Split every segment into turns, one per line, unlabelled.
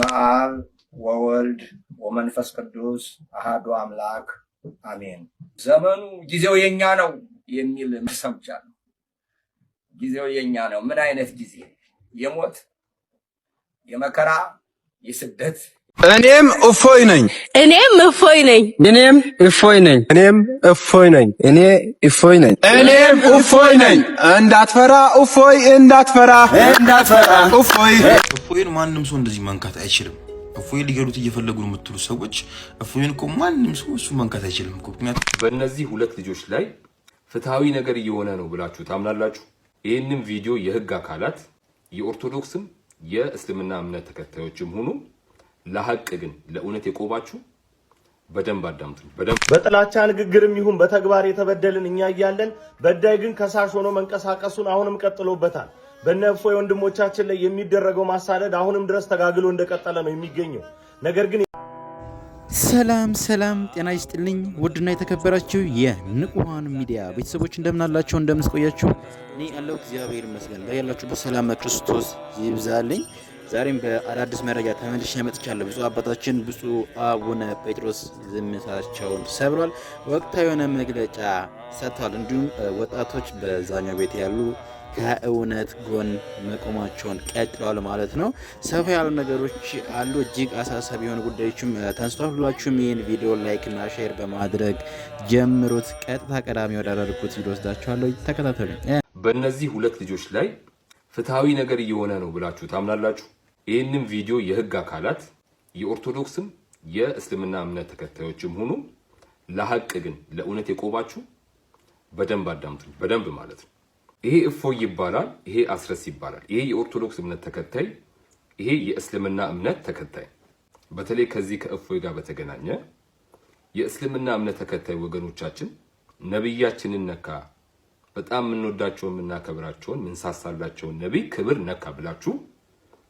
በስመ አብ ወወልድ ወመንፈስ ቅዱስ አሃዱ አምላክ አሜን። ዘመኑ ጊዜው የኛ ነው የሚል ሰምቻለሁ። ጊዜው የኛ ነው። ምን አይነት ጊዜ? የሞት የመከራ የስደት
እኔም እፎይ ነኝ።
እኔም እፎይ ነኝ።
እኔም እፎይ ነኝ።
እኔም እፎይ ነኝ።
እኔ እፎይ ነኝ።
እኔም እፎይ ነኝ።
እንዳትፈራ እፎይ፣ እንዳትፈራ፣
እንዳትፈራ
እፎይ።
እፎይን ማንም ሰው እንደዚህ መንካት አይችልም። እፎይ ሊገሉት እየፈለጉ ነው የምትሉ ሰዎች እፎይን እኮ ማንም ሰው እሱ መንካት አይችልም እኮ።
ምክንያቱም በእነዚህ ሁለት ልጆች ላይ ፍትሐዊ ነገር እየሆነ ነው ብላችሁ ታምናላችሁ? ይህንም ቪዲዮ የህግ አካላት የኦርቶዶክስም የእስልምና እምነት ተከታዮችም ሁኑ ለሀቅ ግን ለእውነት የቆማችሁ በደንብ አዳምጡኝ።
በጥላቻ ንግግርም ይሁን በተግባር የተበደልን እኛ እያለን በዳይ ግን ከሳሽ ሆኖ መንቀሳቀሱን አሁንም ቀጥሎበታል። በነ እፎይ ወንድሞቻችን ላይ የሚደረገው ማሳደድ አሁንም ድረስ ተጋግሎ እንደቀጠለ ነው የሚገኘው። ነገር ግን
ሰላም ሰላም፣ ጤና ይስጥልኝ ውድና የተከበራችሁ የንቁሃን ሚዲያ ቤተሰቦች እንደምናላቸው እንደምንስቆያችሁ
እኔ ያለው እግዚአብሔር ይመስገን። ያላችሁበት ሰላም ክርስቶስ ይብዛልኝ። ዛሬም በአዳዲስ መረጃ ተመልሼ መጥቻለሁ። ብፁዕ አባታችን ብፁዕ አቡነ ጴጥሮስ ዝምታቸውን ሰብሯል። ወቅታዊ የሆነ መግለጫ ሰጥተዋል። እንዲሁም ወጣቶች በዛኛው ቤት ያሉ ከእውነት ጎን መቆማቸውን ቀጥለዋል ማለት ነው። ሰፋ ያሉ ነገሮች አሉ። እጅግ አሳሳቢ የሆኑ ጉዳዮችም ተንስቷል። ሁላችሁም ይህን ቪዲዮ ላይክ እና ሼር በማድረግ ጀምሩት። ቀጥታ ቀዳሚ ወዳደርኩት ቪዲዮ ወስዳችኋለሁ። ተከታተሉ።
በእነዚህ ሁለት ልጆች ላይ ፍትሐዊ ነገር እየሆነ ነው ብላችሁ ታምናላችሁ? ይህንም ቪዲዮ የህግ አካላት የኦርቶዶክስም የእስልምና እምነት ተከታዮችም ሆኑ ለሀቅ ግን ለእውነት የቆባችሁ በደንብ አዳምጡኝ። በደንብ ማለት ነው። ይሄ እፎይ ይባላል። ይሄ አስረስ ይባላል። ይሄ የኦርቶዶክስ እምነት ተከታይ፣ ይሄ የእስልምና እምነት ተከታይ። በተለይ ከዚህ ከእፎይ ጋር በተገናኘ የእስልምና እምነት ተከታይ ወገኖቻችን ነብያችንን ነካ፣ በጣም የምንወዳቸውን የምናከብራቸውን ምንሳሳላቸውን ነቢይ ክብር ነካ ብላችሁ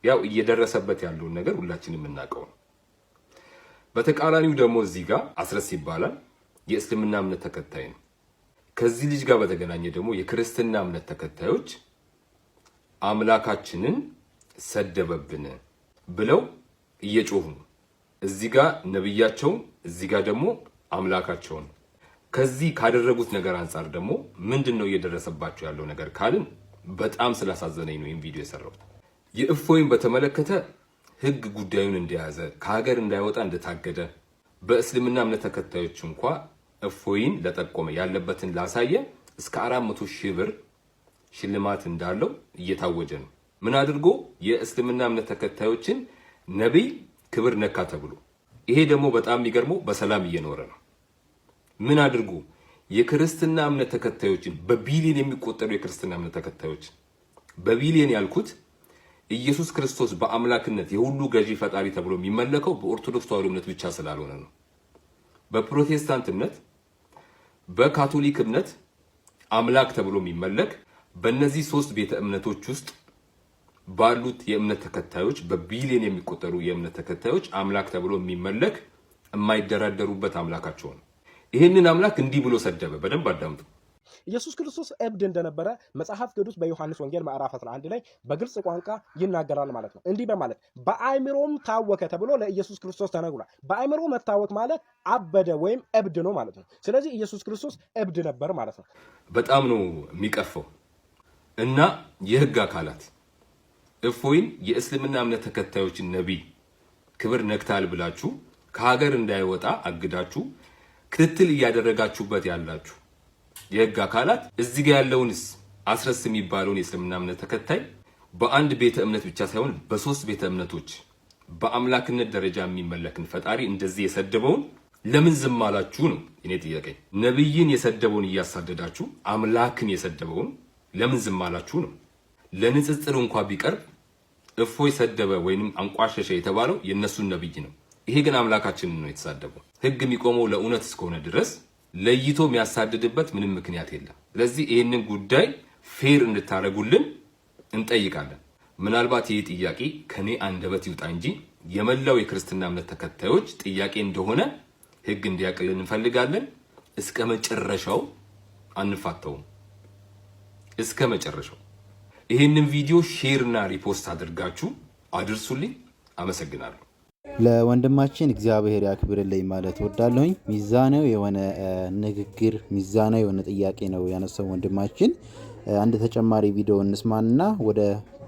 ያው እየደረሰበት ያለውን ነገር ሁላችን የምናውቀው ነው። በተቃራኒው ደግሞ እዚህ ጋር አስረስ ይባላል የእስልምና እምነት ተከታይ ነው። ከዚህ ልጅ ጋር በተገናኘ ደግሞ የክርስትና እምነት ተከታዮች አምላካችንን ሰደበብን ብለው እየጮሁ ነው። እዚህ ጋር ነብያቸውን፣ እዚህ ጋር ደግሞ አምላካቸውን። ከዚህ ካደረጉት ነገር አንጻር ደግሞ ምንድን ነው እየደረሰባቸው ያለው ነገር ካልን በጣም ስላሳዘነኝ ነው ይህን ቪዲዮ የሰራሁት። የእፎይን በተመለከተ ህግ ጉዳዩን እንደያዘ ከሀገር እንዳይወጣ እንደታገደ በእስልምና እምነት ተከታዮች እንኳ እፎይን ለጠቆመ ያለበትን ላሳየ እስከ 400 ሺህ ብር ሽልማት እንዳለው እየታወጀ ነው። ምን አድርጎ የእስልምና እምነት ተከታዮችን ነቢይ ክብር ነካ ተብሎ ይሄ ደግሞ በጣም የሚገርመው በሰላም እየኖረ ነው። ምን አድርጎ የክርስትና እምነት ተከታዮችን በቢሊዮን የሚቆጠሩ የክርስትና እምነት ተከታዮችን በቢሊዮን ያልኩት ኢየሱስ ክርስቶስ በአምላክነት የሁሉ ገዢ ፈጣሪ ተብሎ የሚመለከው በኦርቶዶክስ ተዋሕዶ እምነት ብቻ ስላልሆነ ነው። በፕሮቴስታንት እምነት፣ በካቶሊክ እምነት አምላክ ተብሎ የሚመለክ በእነዚህ ሶስት ቤተ እምነቶች ውስጥ ባሉት የእምነት ተከታዮች በቢሊዮን የሚቆጠሩ የእምነት ተከታዮች አምላክ ተብሎ የሚመለክ የማይደራደሩበት አምላካቸው ነው። ይህንን አምላክ እንዲህ ብሎ ሰደበ። በደንብ አዳምጡ።
ኢየሱስ ክርስቶስ እብድ እንደነበረ መጽሐፍ ቅዱስ በዮሐንስ ወንጌል ምዕራፍ 11 ላይ በግልጽ ቋንቋ ይናገራል ማለት ነው። እንዲህ በማለት በአእምሮም ታወከ ተብሎ ለኢየሱስ ክርስቶስ ተነግሯል። በአእምሮ መታወክ ማለት አበደ ወይም እብድ ነው ማለት ነው። ስለዚህ ኢየሱስ ክርስቶስ እብድ ነበር ማለት ነው።
በጣም ነው የሚቀፈው እና የህግ አካላት እፎይን የእስልምና እምነት ተከታዮች ነቢይ ክብር ነክታል ብላችሁ ከሀገር እንዳይወጣ አግዳችሁ ክትትል እያደረጋችሁበት ያላችሁ የህግ አካላት እዚህ ጋር ያለውንስ አስረስ የሚባለውን የእስልምና እምነት ተከታይ በአንድ ቤተ እምነት ብቻ ሳይሆን በሶስት ቤተ እምነቶች በአምላክነት ደረጃ የሚመለክን ፈጣሪ እንደዚህ የሰደበውን ለምን ዝም አላችሁ ነው እኔ ጥያቄ። ነቢይን የሰደበውን እያሳደዳችሁ አምላክን የሰደበውን ለምን ዝም አላችሁ ነው። ለንጽጽር እንኳ ቢቀርብ እፎይ ሰደበ ወይም አንቋሸሸ የተባለው የእነሱን ነቢይ ነው። ይሄ ግን አምላካችንን ነው የተሳደበው። ህግ የሚቆመው ለእውነት እስከሆነ ድረስ ለይቶ የሚያሳድድበት ምንም ምክንያት የለም። ስለዚህ ይህንን ጉዳይ ፌር እንድታደርጉልን እንጠይቃለን። ምናልባት ይህ ጥያቄ ከኔ አንደበት ይውጣ እንጂ የመላው የክርስትና እምነት ተከታዮች ጥያቄ እንደሆነ ህግ እንዲያቅልን እንፈልጋለን። እስከ መጨረሻው አንፋተውም። እስከ መጨረሻው ይህንን ቪዲዮ ሼር እና ሪፖስት አድርጋችሁ አድርሱልኝ። አመሰግናለሁ።
ለወንድማችን እግዚአብሔር ያክብርልኝ ማለት ወዳለሁኝ። ሚዛናዊ የሆነ ንግግር፣ ሚዛናዊ የሆነ ጥያቄ ነው ያነሳው ወንድማችን። አንድ ተጨማሪ ቪዲዮ እንስማንና ወደ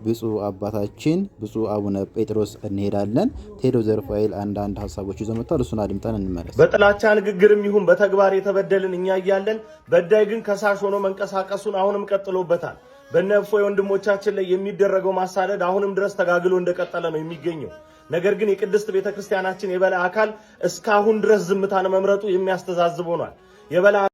ብፁዕ አባታችን ብፁዕ አቡነ ጴጥሮስ እንሄዳለን። ቴዶ ዘርፋኤል አንዳንድ ሀሳቦች ይዞ መጥቷል። እሱን አድምጠን እንመለስ።
በጥላቻ ንግግርም ይሁን በተግባር የተበደልን እኛ እያለን በዳይ ግን ከሳሽ ሆኖ መንቀሳቀሱን አሁንም ቀጥሎበታል። በነፎ የወንድሞቻችን ላይ የሚደረገው ማሳደድ አሁንም ድረስ ተጋግሎ እንደቀጠለ ነው የሚገኘው። ነገር ግን የቅድስት ቤተ ክርስቲያናችን የበላይ አካል እስካሁን ድረስ ዝምታን መምረጡ የሚያስተዛዝብ ሆኗል። የበላይ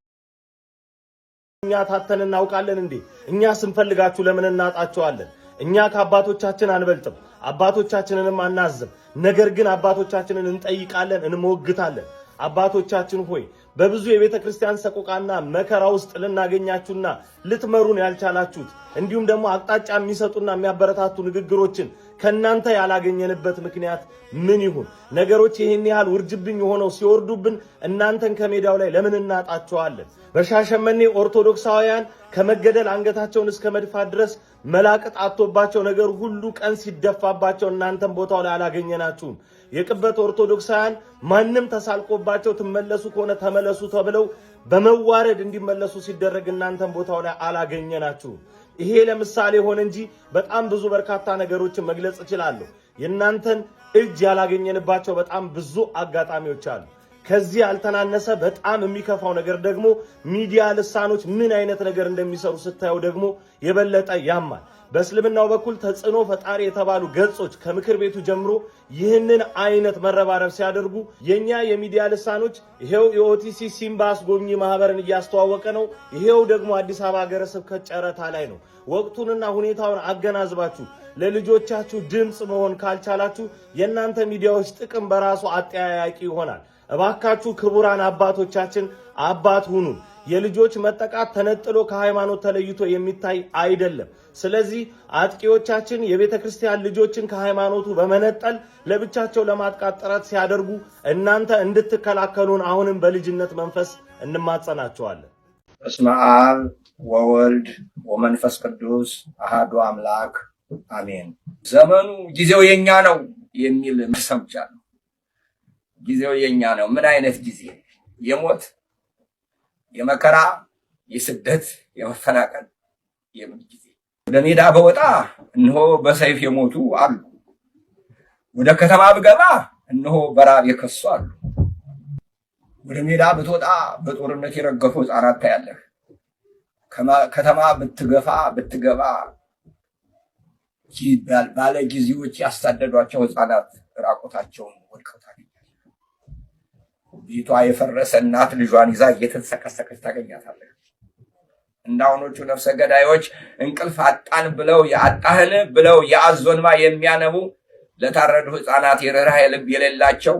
እኛ ታተን እናውቃለን እንዴ? እኛ ስንፈልጋችሁ ለምን እናጣቸዋለን? እኛ ከአባቶቻችን አንበልጥም፣ አባቶቻችንንም አናዝም። ነገር ግን አባቶቻችንን እንጠይቃለን፣ እንሞግታለን። አባቶቻችን ሆይ በብዙ የቤተ ክርስቲያን ሰቆቃና መከራ ውስጥ ልናገኛችሁና ልትመሩን ያልቻላችሁት እንዲሁም ደግሞ አቅጣጫ የሚሰጡና የሚያበረታቱ ንግግሮችን ከእናንተ ያላገኘንበት ምክንያት ምን ይሁን? ነገሮች ይህን ያህል ውርጅብኝ ሆነው ሲወርዱብን እናንተን ከሜዳው ላይ ለምን እናጣቸዋለን? በሻሸመኔ ኦርቶዶክሳውያን ከመገደል አንገታቸውን እስከ መድፋት ድረስ መላቅጥ አቶባቸው ነገር ሁሉ ቀን ሲደፋባቸው እናንተን ቦታው ላይ አላገኘናችሁም። የቅበት ኦርቶዶክሳውያን ማንም ተሳልቆባቸው ትመለሱ ከሆነ ተመለሱ ተብለው በመዋረድ እንዲመለሱ ሲደረግ እናንተን ቦታው ላይ አላገኘናችሁም። ይሄ ለምሳሌ ሆነ እንጂ በጣም ብዙ በርካታ ነገሮችን መግለጽ እችላለሁ። የእናንተን እጅ ያላገኘንባቸው በጣም ብዙ አጋጣሚዎች አሉ። ከዚህ ያልተናነሰ በጣም የሚከፋው ነገር ደግሞ ሚዲያ ልሳኖች ምን አይነት ነገር እንደሚሰሩ ስታየው ደግሞ የበለጠ ያማል። በእስልምናው በኩል ተጽዕኖ ፈጣሪ የተባሉ ገጾች ከምክር ቤቱ ጀምሮ ይህንን አይነት መረባረብ ሲያደርጉ የእኛ የሚዲያ ልሳኖች ይሄው የኦቲሲ ሲምባ አስጎብኚ ማህበርን እያስተዋወቀ ነው፣ ይሄው ደግሞ አዲስ አበባ ሀገረ ስብከት ጨረታ ላይ ነው። ወቅቱንና ሁኔታውን አገናዝባችሁ ለልጆቻችሁ ድምፅ መሆን ካልቻላችሁ የእናንተ ሚዲያዎች ጥቅም በራሱ አጠያያቂ ይሆናል። እባካችሁ ክቡራን አባቶቻችን አባት ሁኑ። የልጆች መጠቃት ተነጥሎ ከሃይማኖት ተለይቶ የሚታይ አይደለም። ስለዚህ አጥቂዎቻችን የቤተ ክርስቲያን ልጆችን ከሃይማኖቱ በመነጠል ለብቻቸው ለማጥቃት ጥረት ሲያደርጉ እናንተ እንድትከላከሉን አሁንም በልጅነት መንፈስ እንማጸናቸዋለን።
በስመ አብ ወወልድ ወመንፈስ ቅዱስ አሃዱ አምላክ አሜን። ዘመኑ ጊዜው የኛ ነው የሚል ሰምቻለሁ። ጊዜው የኛ ነው። ምን አይነት ጊዜ? የሞት የመከራ የስደት የመፈናቀል የምን ጊዜ? ወደ ሜዳ በወጣ እነሆ በሰይፍ የሞቱ አሉ። ወደ ከተማ ብገባ እነሆ በራብ የከሱ አሉ። ወደ ሜዳ ብትወጣ በጦርነት የረገፉ ህፃናት ታያለህ። ከተማ ብትገፋ ብትገባ ባለጊዜዎች ያሳደዷቸው ህፃናት ራቆታቸውን ወድቀው ቤቷ የፈረሰ እናት ልጇን ይዛ እየተንሰቀሰቀች ታገኛታለች። እንደ አሁኖቹ ነፍሰ ገዳዮች እንቅልፍ አጣን ብለው የአጣህን ብለው የአዞንማ የሚያነቡ ለታረዱ ህፃናት የርኅራኄ ልብ የሌላቸው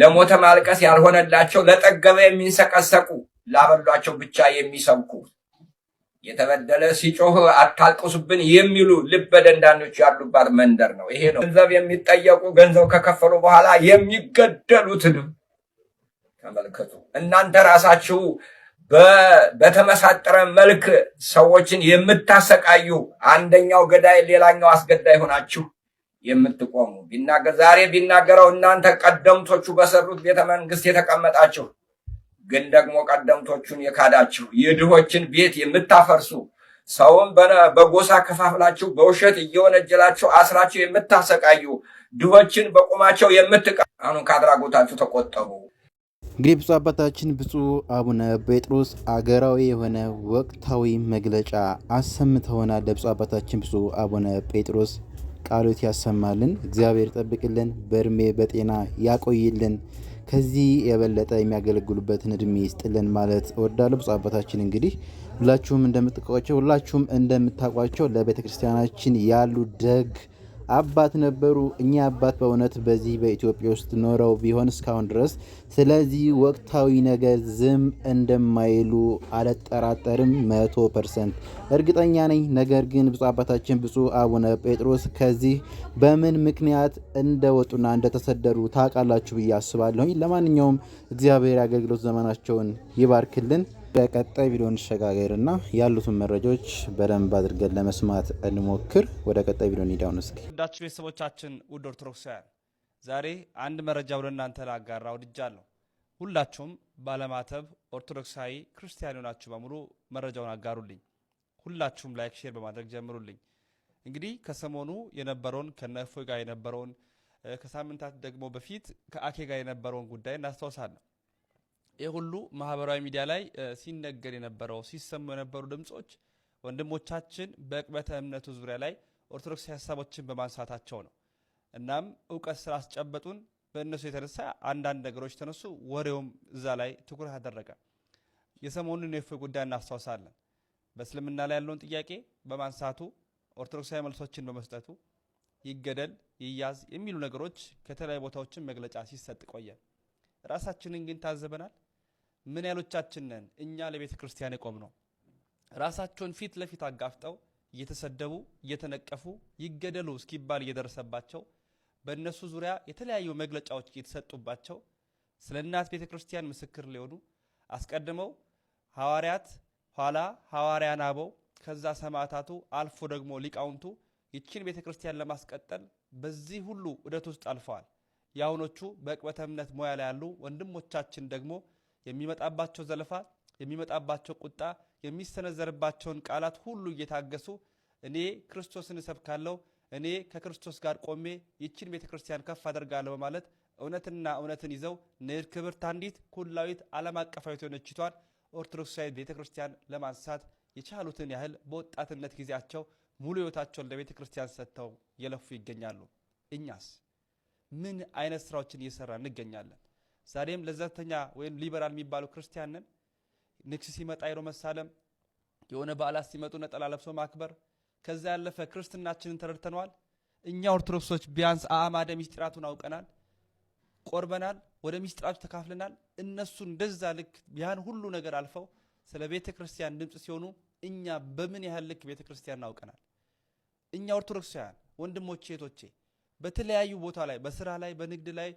ለሞተ ማልቀስ ያልሆነላቸው ለጠገበ የሚንሰቀሰቁ ላበሏቸው ብቻ የሚሰብኩ የተበደለ ሲጮህ አታልቅሱብን የሚሉ ልበ ደንዳኖች ያሉባት መንደር ነው። ይሄ ነው ገንዘብ የሚጠየቁ ገንዘብ ከከፈሉ በኋላ የሚገደሉትንም ተመልከቱ። እናንተ ራሳችሁ በተመሳጠረ መልክ ሰዎችን የምታሰቃዩ፣ አንደኛው ገዳይ ሌላኛው አስገዳይ ሆናችሁ የምትቆሙ ቢናገር ዛሬ ቢናገረው እናንተ ቀደምቶቹ በሰሩት ቤተ መንግስት የተቀመጣችሁ ግን ደግሞ ቀደምቶቹን የካዳችሁ የድሆችን ቤት የምታፈርሱ ሰውን በጎሳ ከፋፍላችሁ በውሸት እየወነጀላችሁ አስራችሁ የምታሰቃዩ ድሆችን በቁማቸው የምትቀ አሁን ከአድራጎታችሁ ተቆጠቡ።
እንግዲህ ብፁዕ አባታችን ብፁዕ አቡነ ጴጥሮስ አገራዊ የሆነ ወቅታዊ መግለጫ አሰምተውናል። ለብፁዕ አባታችን ብፁዕ አቡነ ጴጥሮስ ቃሎት ያሰማልን፣ እግዚአብሔር ጠብቅልን በእድሜ በጤና ያቆይልን፣ ከዚህ የበለጠ የሚያገለግሉበትን እድሜ ይስጥልን ማለት እወዳለሁ። ብፁዕ አባታችን እንግዲህ ሁላችሁም እንደምትቋቸው ሁላችሁም እንደምታውቋቸው ለቤተ ክርስቲያናችን ያሉ ደግ አባት ነበሩ። እኚህ አባት በእውነት በዚህ በኢትዮጵያ ውስጥ ኖረው ቢሆን እስካሁን ድረስ ስለዚህ ወቅታዊ ነገር ዝም እንደማይሉ አልጠራጠርም። መቶ ፐርሰንት እርግጠኛ ነኝ። ነገር ግን ብፁዕ አባታችን ብፁዕ አቡነ ጴጥሮስ ከዚህ በምን ምክንያት እንደወጡና እንደተሰደዱ ታውቃላችሁ ብዬ አስባለሁኝ። ለማንኛውም እግዚአብሔር አገልግሎት ዘመናቸውን ይባርክልን። ወደ ቀጣይ ቪዲዮ እንሸጋገር እና ያሉትን መረጃዎች በደንብ አድርገን ለመስማት እንሞክር። ወደ ቀጣይ ቪዲዮ እንሄዳውን እስኪ
እንዳችሁ ቤተሰቦቻችን፣ ውድ ኦርቶዶክሳውያን ዛሬ አንድ መረጃ ወደ እናንተ ላጋራ ወድጃለሁ። ሁላችሁም ባለማተብ ኦርቶዶክሳዊ ክርስቲያን የሆናችሁ በሙሉ መረጃውን አጋሩልኝ። ሁላችሁም ላይክ፣ ሼር በማድረግ ጀምሩልኝ። እንግዲህ ከሰሞኑ የነበረውን ከነእፎይ ጋር የነበረውን ከሳምንታት ደግሞ በፊት ከአኬ ጋር የነበረውን ጉዳይ እናስታውሳለን። ይህ ሁሉ ማህበራዊ ሚዲያ ላይ ሲነገር የነበረው ሲሰሙ የነበሩ ድምፆች ወንድሞቻችን በእቅበተ እምነቱ ዙሪያ ላይ ኦርቶዶክሳዊ ሀሳቦችን በማንሳታቸው ነው። እናም እውቀት ስላስጨበጡን በእነሱ የተነሳ አንዳንድ ነገሮች ተነሱ። ወሬውም እዛ ላይ ትኩረት አደረገ። የሰሞኑን የእፎይ ጉዳይ እናስታውሳለን። በእስልምና ላይ ያለውን ጥያቄ በማንሳቱ ኦርቶዶክሳዊ መልሶችን በመስጠቱ ይገደል ይያዝ የሚሉ ነገሮች ከተለያዩ ቦታዎችን መግለጫ ሲሰጥ ቆየ። ራሳችንን ግን ታዘበናል። ምን ያሎቻችን ነን እኛ ለቤተ ክርስቲያን የቆም ነው? ራሳቸውን ፊት ለፊት አጋፍጠው እየተሰደቡ እየተነቀፉ ይገደሉ እስኪባል እየደረሰባቸው በእነሱ ዙሪያ የተለያዩ መግለጫዎች እየተሰጡባቸው ስለ እናት ቤተ ክርስቲያን ምስክር ሊሆኑ አስቀድመው ሐዋርያት፣ ኋላ ሐዋርያን አበው፣ ከዛ ሰማዕታቱ፣ አልፎ ደግሞ ሊቃውንቱ ይችን ቤተ ክርስቲያን ለማስቀጠል በዚህ ሁሉ ዑደት ውስጥ አልፈዋል። የአሁኖቹ በቅበተ እምነት ሙያ ላይ ያሉ ወንድሞቻችን ደግሞ የሚመጣባቸው ዘለፋ፣ የሚመጣባቸው ቁጣ፣ የሚሰነዘርባቸውን ቃላት ሁሉ እየታገሱ እኔ ክርስቶስን እሰብካለሁ፣ እኔ ከክርስቶስ ጋር ቆሜ ይችን ቤተ ክርስቲያን ከፍ አደርጋለሁ በማለት እውነትና እውነትን ይዘው ንድ ክብርት አንዲት ኩላዊት ዓለም አቀፋዊት የሆነችቷን ኦርቶዶክሳዊ ቤተ ክርስቲያን ለማንሳት የቻሉትን ያህል በወጣትነት ጊዜያቸው ሙሉ ሕይወታቸውን ለቤተ ክርስቲያን ሰጥተው የለፉ ይገኛሉ። እኛስ ምን አይነት ስራዎችን እየሰራ እንገኛለን? ዛሬም ለዘተኛ ወይም ሊበራል የሚባሉ ክርስቲያንን ንግስ ሲመጣ አይሮ መሳለም፣ የሆነ በዓላት ሲመጡ ነጠላ ለብሶ ማክበር፣ ከዛ ያለፈ ክርስትናችንን ተረድተነዋል። እኛ ኦርቶዶክሶች ቢያንስ አእማደ ሚስጢራቱን አውቀናል፣ ቆርበናል፣ ወደ ሚስጢራቱ ተካፍለናል። እነሱ እንደዛ ልክ ያን ሁሉ ነገር አልፈው ስለ ቤተ ክርስቲያን ድምፅ ሲሆኑ እኛ በምን ያህል ልክ ቤተ ክርስቲያን አውቀናል። እኛ ኦርቶዶክሳውያን ወንድሞቼ እህቶቼ በተለያዩ ቦታ ላይ በስራ ላይ በንግድ ላይ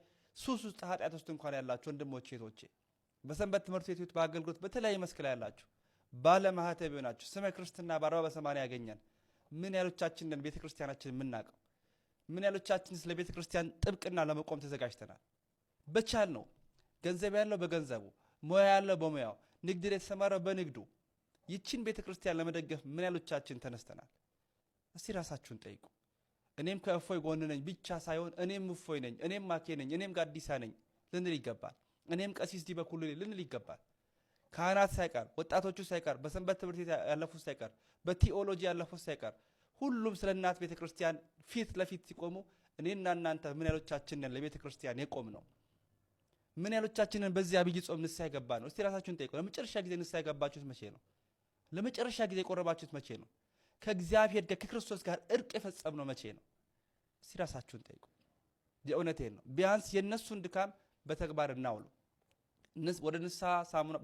ሱስ ውስጥ ኃጢአት ውስጥ እንኳን ያላችሁ ወንድሞች ሴቶቼ በሰንበት ትምህርት ቤቶች በአገልግሎት በተለያየ መስክ ላይ ያላችሁ ባለማህተብ ናችሁ። ስመ ክርስትና በአርባ በሰማንያ ያገኛል። ምን ያሎቻችን ነን ቤተ ክርስቲያናችን የምናውቀው? ምን ያሎቻችን ስለ ቤተ ክርስቲያን ጥብቅና ለመቆም ተዘጋጅተናል? በቻል ነው ገንዘብ ያለው በገንዘቡ ሙያ ያለው በሙያው ንግድ ላይ በንግዱ ይችን ቤተ ክርስቲያን ለመደገፍ ምን ያሎቻችን ተነስተናል? እስቲ ራሳችሁን ጠይቁ። እኔም ከእፎይ ጎን ነኝ ብቻ ሳይሆን እኔም እፎይ ነኝ፣ እኔም ማኬ ነኝ፣ እኔም ጋዲሳ ነኝ ልንል ይገባል። እኔም ቀሲስ ዲበኩሉ ልንል ይገባል። ካህናት ሳይቀር ወጣቶቹ ሳይቀር በሰንበት ትምህርት ቤት ያለፉ ሳይቀር በቲኦሎጂ ያለፉት ሳይቀር ሁሉም ስለ እናት ቤተ ክርስቲያን ፊት ለፊት ሲቆሙ እኔና እናንተ ምን ያሎቻችንን ለቤተ ክርስቲያን የቆም ነው? ምን ያሎቻችንን በዚህ አብይ ጾም ንስሐ የገባ ነው? እስቲ ራሳችሁን ጠይቁ። ለመጨረሻ ጊዜ ንስሐ የገባችሁት መቼ ነው? ለመጨረሻ ጊዜ የቆረባችሁት መቼ ነው? ከእግዚአብሔር ጋር ከክርስቶስ ጋር እርቅ የፈጸምነው መቼ ነው? ሲራሳችሁን ጠይቁ። የእውነቴን ነው። ቢያንስ የእነሱን ድካም በተግባር እናውሉ።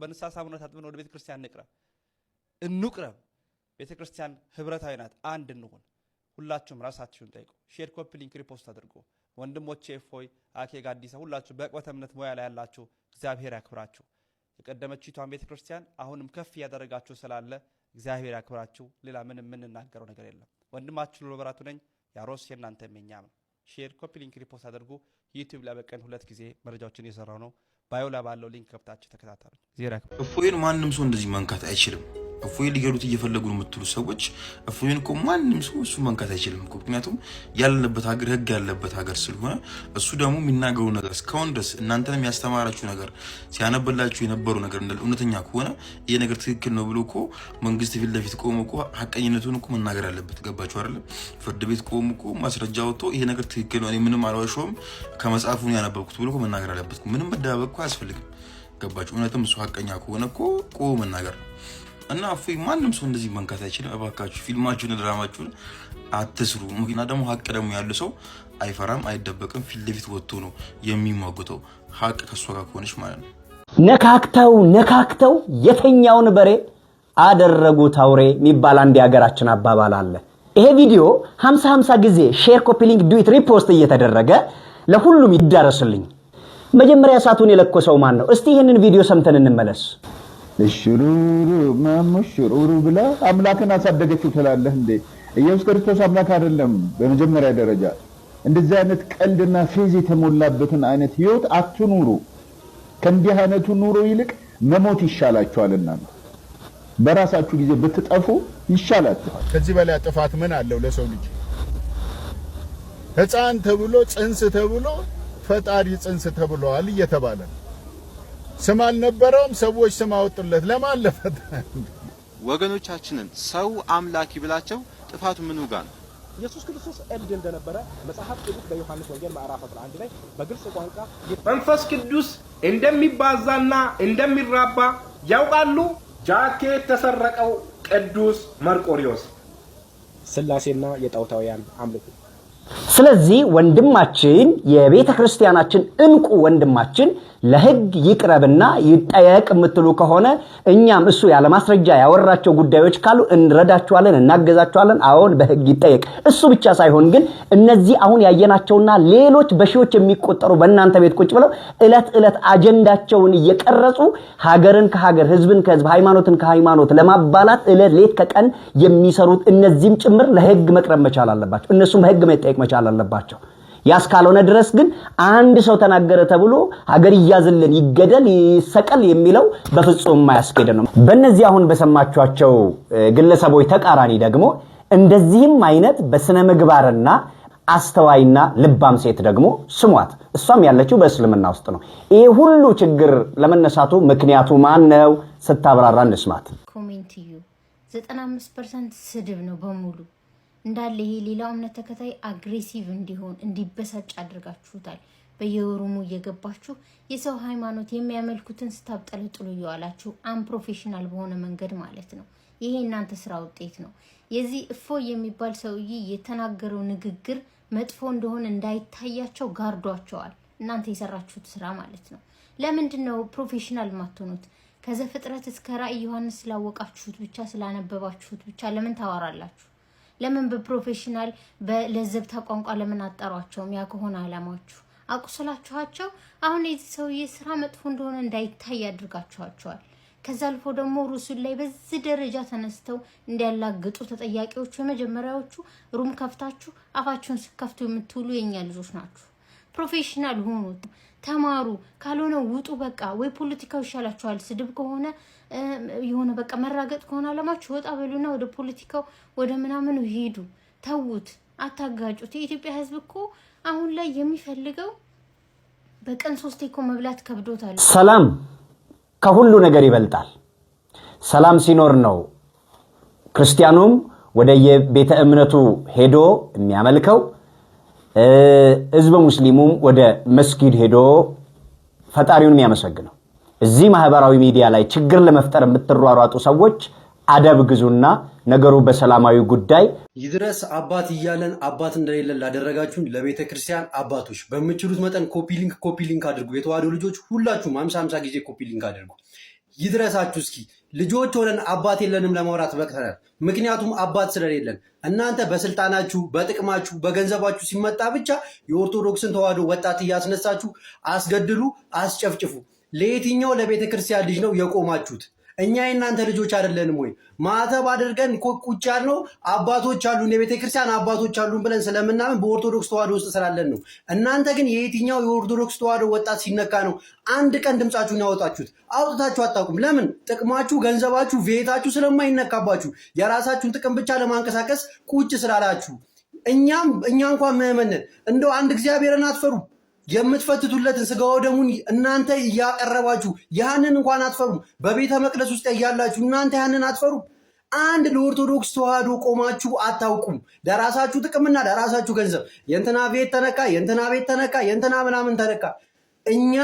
በንሳ ሳሙና ታጥበን ወደ ቤተ ክርስቲያን እንቅረብ፣ እንቁረብ። ቤተ ክርስቲያን ህብረታዊ ናት። አንድ እንሁን። ሁላችሁም ራሳችሁን ጠይቁ። ሼር፣ ኮፒ፣ ሊንክ፣ ሪፖስት አድርጎ ወንድሞቼ እፎይ፣ አኬ፣ ጋዲሳ ሁላችሁ በዕቅበተ እምነት ሙያ ላይ ያላችሁ እግዚአብሔር ያክብራችሁ። የቀደመችቷን ቤተ ክርስቲያን አሁንም ከፍ እያደረጋችሁ ስላለ እግዚአብሔር ያክብራችሁ። ሌላ ምንም የምንናገረው ነገር የለም። ወንድማችሁ ሎበራቱ ነኝ። ያሮስ የእናንተም የእኛም ነው። ሼር፣ ኮፒ ሊንክ፣ ሪፖርት አድርጉ። ዩቲዩብ ላይ በቀን ሁለት ጊዜ መረጃዎችን እየሰራው ነው። ባዮላ ባለው ሊንክ ከብታችሁ ተከታተሉ።
ዜራ እፎይን ማንም ሰው እንደዚህ መንካት አይችልም። እፎይን ሊገሉት እየፈለጉ ነው የምትሉ ሰዎች እፎይን እኮ ማንም ሰው እሱ መንካት አይችልም እኮ ምክንያቱም ያለበት ሀገር ህግ ያለበት ሀገር ስለሆነ እሱ ደግሞ የሚናገሩ ነገር እስካሁን ድረስ እናንተንም ያስተማራችሁ ነገር ሲያነበላችሁ የነበሩ ነገር እውነተኛ ከሆነ ይሄ ነገር ትክክል ነው ብሎ እኮ መንግስት ፊት ለፊት ቆሞ እኮ ሀቀኝነቱን እኮ መናገር አለበት። ገባችሁ አይደለም? ፍርድ ቤት ቆሞ እኮ ማስረጃ ወጥቶ ይሄ ነገር ትክክል ነው ምንም አልዋሸሁም ከመጽሐፉን ያነበብኩት ብሎ መናገር አለበት። ምንም መደባበቅ እኮ አያስፈልግም። ገባችሁ? እውነትም እሱ ሀቀኛ ከሆነ እኮ ቆሞ መናገር ነው። እና እፎይ ማንም ሰው እንደዚህ መንካት አይችልም። እባካችሁ ፊልማችሁን፣ ድራማችሁን አትስሩ። ምክንያት ደግሞ ሀቅ ደግሞ ያለ ሰው አይፈራም፣ አይደበቅም። ፊት ለፊት ወጥቶ ነው የሚሟጉተው ሀቅ ከእሷ ጋር ከሆነች ማለት ነው።
ነካክተው ነካክተው የተኛውን በሬ አደረጉት አውሬ የሚባል አንድ የሀገራችን አባባል አለ። ይሄ ቪዲዮ 50 50 ጊዜ ሼር፣ ኮፒሊንግ፣ ዱዊት፣ ሪፖስት እየተደረገ ለሁሉም ይዳረስልኝ። መጀመሪያ እሳቱን የለኮሰው ማን ነው? እስቲ ይህንን ቪዲዮ ሰምተን እንመለስ።
ሽሩሩ ማሙ ሽሩሩ ብላ አምላክን አሳደገችው ትላለህ እንዴ? ኢየሱስ ክርስቶስ አምላክ አይደለም። በመጀመሪያ ደረጃ እንደዚህ አይነት ቀልድና ፌዝ የተሞላበትን አይነት ህይወት አትኑሩ። ከእንዲህ አይነቱ ኑሮ ይልቅ መሞት ይሻላችኋል። እናንተ በራሳችሁ ጊዜ ብትጠፉ ይሻላችኋል።
ከዚህ በላይ ጥፋት ምን አለው ለሰው ልጅ? ህፃን ተብሎ ጽንስ ተብሎ ፈጣሪ ጽንስ ተብለዋል እየተባለ ነው ስም አልነበረውም። ሰዎች ስም አወጡለት። ለማን
ወገኖቻችንን ሰው አምላክ ይብላቸው። ጥፋቱ ምኑ ጋር ነው?
ኢየሱስ ክርስቶስ እብድ እንደነበረ መጽሐፍ ቅዱስ በዮሐንስ ወንጌል ምዕራፍ 11 ላይ በግልጽ ቋንቋ
መንፈስ ቅዱስ እንደሚባዛና እንደሚራባ ያውቃሉ። ጃኬት ተሰረቀው ቅዱስ መርቆሪዎስ
ስላሴና የጣውታውያን አምልኮ።
ስለዚህ ወንድማችን የቤተ ክርስቲያናችን እንቁ ወንድማችን ለህግ ይቅረብና ይጠየቅ የምትሉ ከሆነ እኛም እሱ ያለ ማስረጃ ያወራቸው ጉዳዮች ካሉ እንረዳቸዋለን፣ እናገዛቸዋለን። አሁን በህግ ይጠየቅ። እሱ ብቻ ሳይሆን ግን እነዚህ አሁን ያየናቸውና ሌሎች በሺዎች የሚቆጠሩ በእናንተ ቤት ቁጭ ብለው እለት እለት አጀንዳቸውን እየቀረጹ ሀገርን ከሀገር ህዝብን ከህዝብ ሃይማኖትን ከሃይማኖት ለማባላት እለት ሌት ከቀን የሚሰሩት እነዚህም ጭምር ለህግ መቅረብ መቻል አለባቸው። እነሱም በህግ መጠየቅ መቻል አለባቸው። ያስካልሆነ ድረስ ግን አንድ ሰው ተናገረ ተብሎ ሀገር ይያዝልን፣ ይገደል፣ ይሰቀል የሚለው በፍጹም የማያስኬድ ነው። በእነዚህ አሁን በሰማችኋቸው ግለሰቦች ተቃራኒ ደግሞ እንደዚህም አይነት በስነ ምግባርና አስተዋይና ልባም ሴት ደግሞ ስሟት። እሷም ያለችው በእስልምና ውስጥ ነው። ይሄ ሁሉ ችግር ለመነሳቱ ምክንያቱ ማን ነው? ስታብራራ እንስማት።
ኮሜንት እዩ። 95 ፐርሰንት ስድብ ነው በሙሉ እንዳለ ይሄ ሌላው እምነት ተከታይ አግሬሲቭ እንዲሆን እንዲበሳጭ አድርጋችሁታል። በየወሩሙ እየገባችሁ የሰው ሃይማኖት የሚያመልኩትን ስታብጠለጥሉ እየዋላችሁ አንፕሮፌሽናል በሆነ መንገድ ማለት ነው። ይሄ እናንተ ስራ ውጤት ነው። የዚህ እፎ የሚባል ሰውዬ የተናገረው ንግግር መጥፎ እንደሆነ እንዳይታያቸው ጋርዷቸዋል። እናንተ የሰራችሁት ስራ ማለት ነው። ለምንድን ነው ፕሮፌሽናል ማትሆኑት? ከዘፍጥረት እስከ ራእይ ዮሐንስ ስላወቃችሁት ብቻ ስላነበባችሁት ብቻ ለምን ታወራላችሁ? ለምን በፕሮፌሽናል በለዘብታ ቋንቋ ለምን አጠሯቸውም? ያ ከሆነ አላማችሁ አቁስላችኋቸው፣ አሁን የዚህ ሰውዬ ስራ መጥፎ እንደሆነ እንዳይታይ አድርጋችኋቸዋል። ከዛ አልፎ ደግሞ ሩሱን ላይ በዚህ ደረጃ ተነስተው እንዲያላግጡ ተጠያቂዎቹ የመጀመሪያዎቹ ሩም ከፍታችሁ አፋችሁን ስከፍቱ የምትውሉ የኛ ልጆች ናችሁ። ፕሮፌሽናል ሁኑ። ተማሩ፣ ካልሆነ ውጡ። በቃ ወይ ፖለቲካው ይሻላችኋል። ስድብ ከሆነ የሆነ በቃ መራገጥ ከሆነ አለማችሁ ወጣ በሉና ወደ ፖለቲካው ወደ ምናምኑ ሄዱ። ተዉት፣ አታጋጩት። የኢትዮጵያ ሕዝብ እኮ አሁን ላይ የሚፈልገው በቀን ሶስቴ እኮ መብላት ከብዶታል።
ሰላም ከሁሉ ነገር ይበልጣል። ሰላም ሲኖር ነው ክርስቲያኑም ወደ የቤተ እምነቱ ሄዶ የሚያመልከው ህዝበ ሙስሊሙም ወደ መስጊድ ሄዶ ፈጣሪውን የሚያመሰግነው። እዚህ ማህበራዊ ሚዲያ ላይ ችግር ለመፍጠር የምትሯሯጡ ሰዎች አደብ ግዙና ነገሩ በሰላማዊ ጉዳይ
ይድረስ። አባት እያለን አባት እንደሌለን ላደረጋችሁን ለቤተ ክርስቲያን አባቶች በምችሉት መጠን ኮፒ ሊንክ ኮፒ ሊንክ አድርጉ። የተዋህዶ ልጆች ሁላችሁም ሀምሳ ሀምሳ ጊዜ ኮፒሊንክ አድርጉ። ይድረሳችሁ እስኪ ልጆች ሆነን አባት የለንም ለማውራት በቅተናል። ምክንያቱም አባት ስለሌለን እናንተ በስልጣናችሁ፣ በጥቅማችሁ፣ በገንዘባችሁ ሲመጣ ብቻ የኦርቶዶክስን ተዋህዶ ወጣት እያስነሳችሁ አስገድሉ፣ አስጨፍጭፉ። ለየትኛው ለቤተ ክርስቲያን ልጅ ነው የቆማችሁት? እኛ የእናንተ ልጆች አይደለንም ወይ? ማተብ አድርገን ቁጭ ያልነው አባቶች አሉን፣ የቤተ ክርስቲያን አባቶች አሉን ብለን ስለምናምን በኦርቶዶክስ ተዋዶ ውስጥ ስላለን ነው። እናንተ ግን የየትኛው የኦርቶዶክስ ተዋህዶ ወጣት ሲነካ ነው አንድ ቀን ድምፃችሁን ያወጣችሁት? አውጥታችሁ አታውቁም። ለምን? ጥቅማችሁ፣ ገንዘባችሁ፣ ቤታችሁ ስለማይነካባችሁ የራሳችሁን ጥቅም ብቻ ለማንቀሳቀስ ቁጭ ስላላችሁ። እኛም እኛ እንኳን ምዕመን ነን። እንደው አንድ እግዚአብሔርን አትፈሩም? የምትፈትቱለትን ስጋ ወደሙን እናንተ እያቀረባችሁ ያንን እንኳን አትፈሩ። በቤተ መቅደስ ውስጥ እያላችሁ እናንተ ያንን አትፈሩ። አንድ ለኦርቶዶክስ ተዋህዶ ቆማችሁ አታውቁም። ለራሳችሁ ጥቅምና ለራሳችሁ ገንዘብ የእንትና ቤት ተነካ፣ የእንትና ቤት ተነካ፣ የእንትና ምናምን ተነካ። እኛ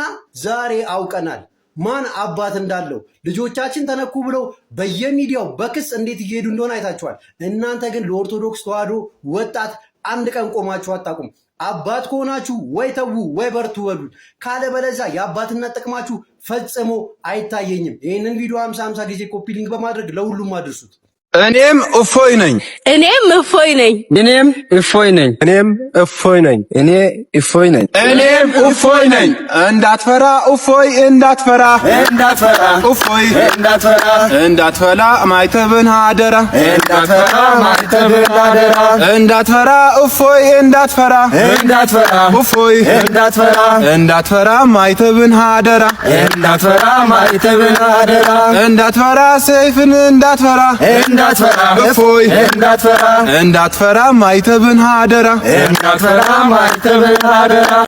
ዛሬ አውቀናል ማን አባት እንዳለው። ልጆቻችን ተነኩ ብለው በየሚዲያው በክስ እንዴት እየሄዱ እንደሆነ አይታችኋል። እናንተ ግን ለኦርቶዶክስ ተዋህዶ ወጣት አንድ ቀን ቆማችሁ አታውቁም። አባት ከሆናችሁ ወይ ተዉ ወይ በርቱ በሉት። ካለበለዚያ የአባትነት ጥቅማችሁ ፈጽሞ አይታየኝም። ይህንን ቪዲዮ ሀምሳ ሀምሳ ጊዜ ኮፒ ሊንክ በማድረግ ለሁሉም አድርሱት።
እኔም እፎይ ነኝ።
እኔም እፎይ ነኝ።
እኔም እፎይ ነኝ።
እኔም እፎይ ነኝ።
እኔ እፎይ ነኝ።
እኔም እፎይ ነኝ።
እንዳትፈራ እፎይ፣ እንዳትፈራ እንዳትፈራ እፎይ፣ እንዳትፈራ እንዳትፈላ
ማይተብን አደራ
እንዳትፈራ
ማይተብን አደራ
እንዳትፈራ እፎይ፣ እንዳትፈራ እንዳትፈራ እፎይ፣ እንዳትፈራ እንዳትፈራ ማይተብን አደራ
እንዳትፈራ
ማይተብን አደራ
እንዳትፈራ ሰይፍን እንዳትፈራ እንዳትፈራ እፎይ እንዳትፈራ እንዳትፈራ ማይተብን አደራ
እንዳትፈራ
ማይተብን አደራ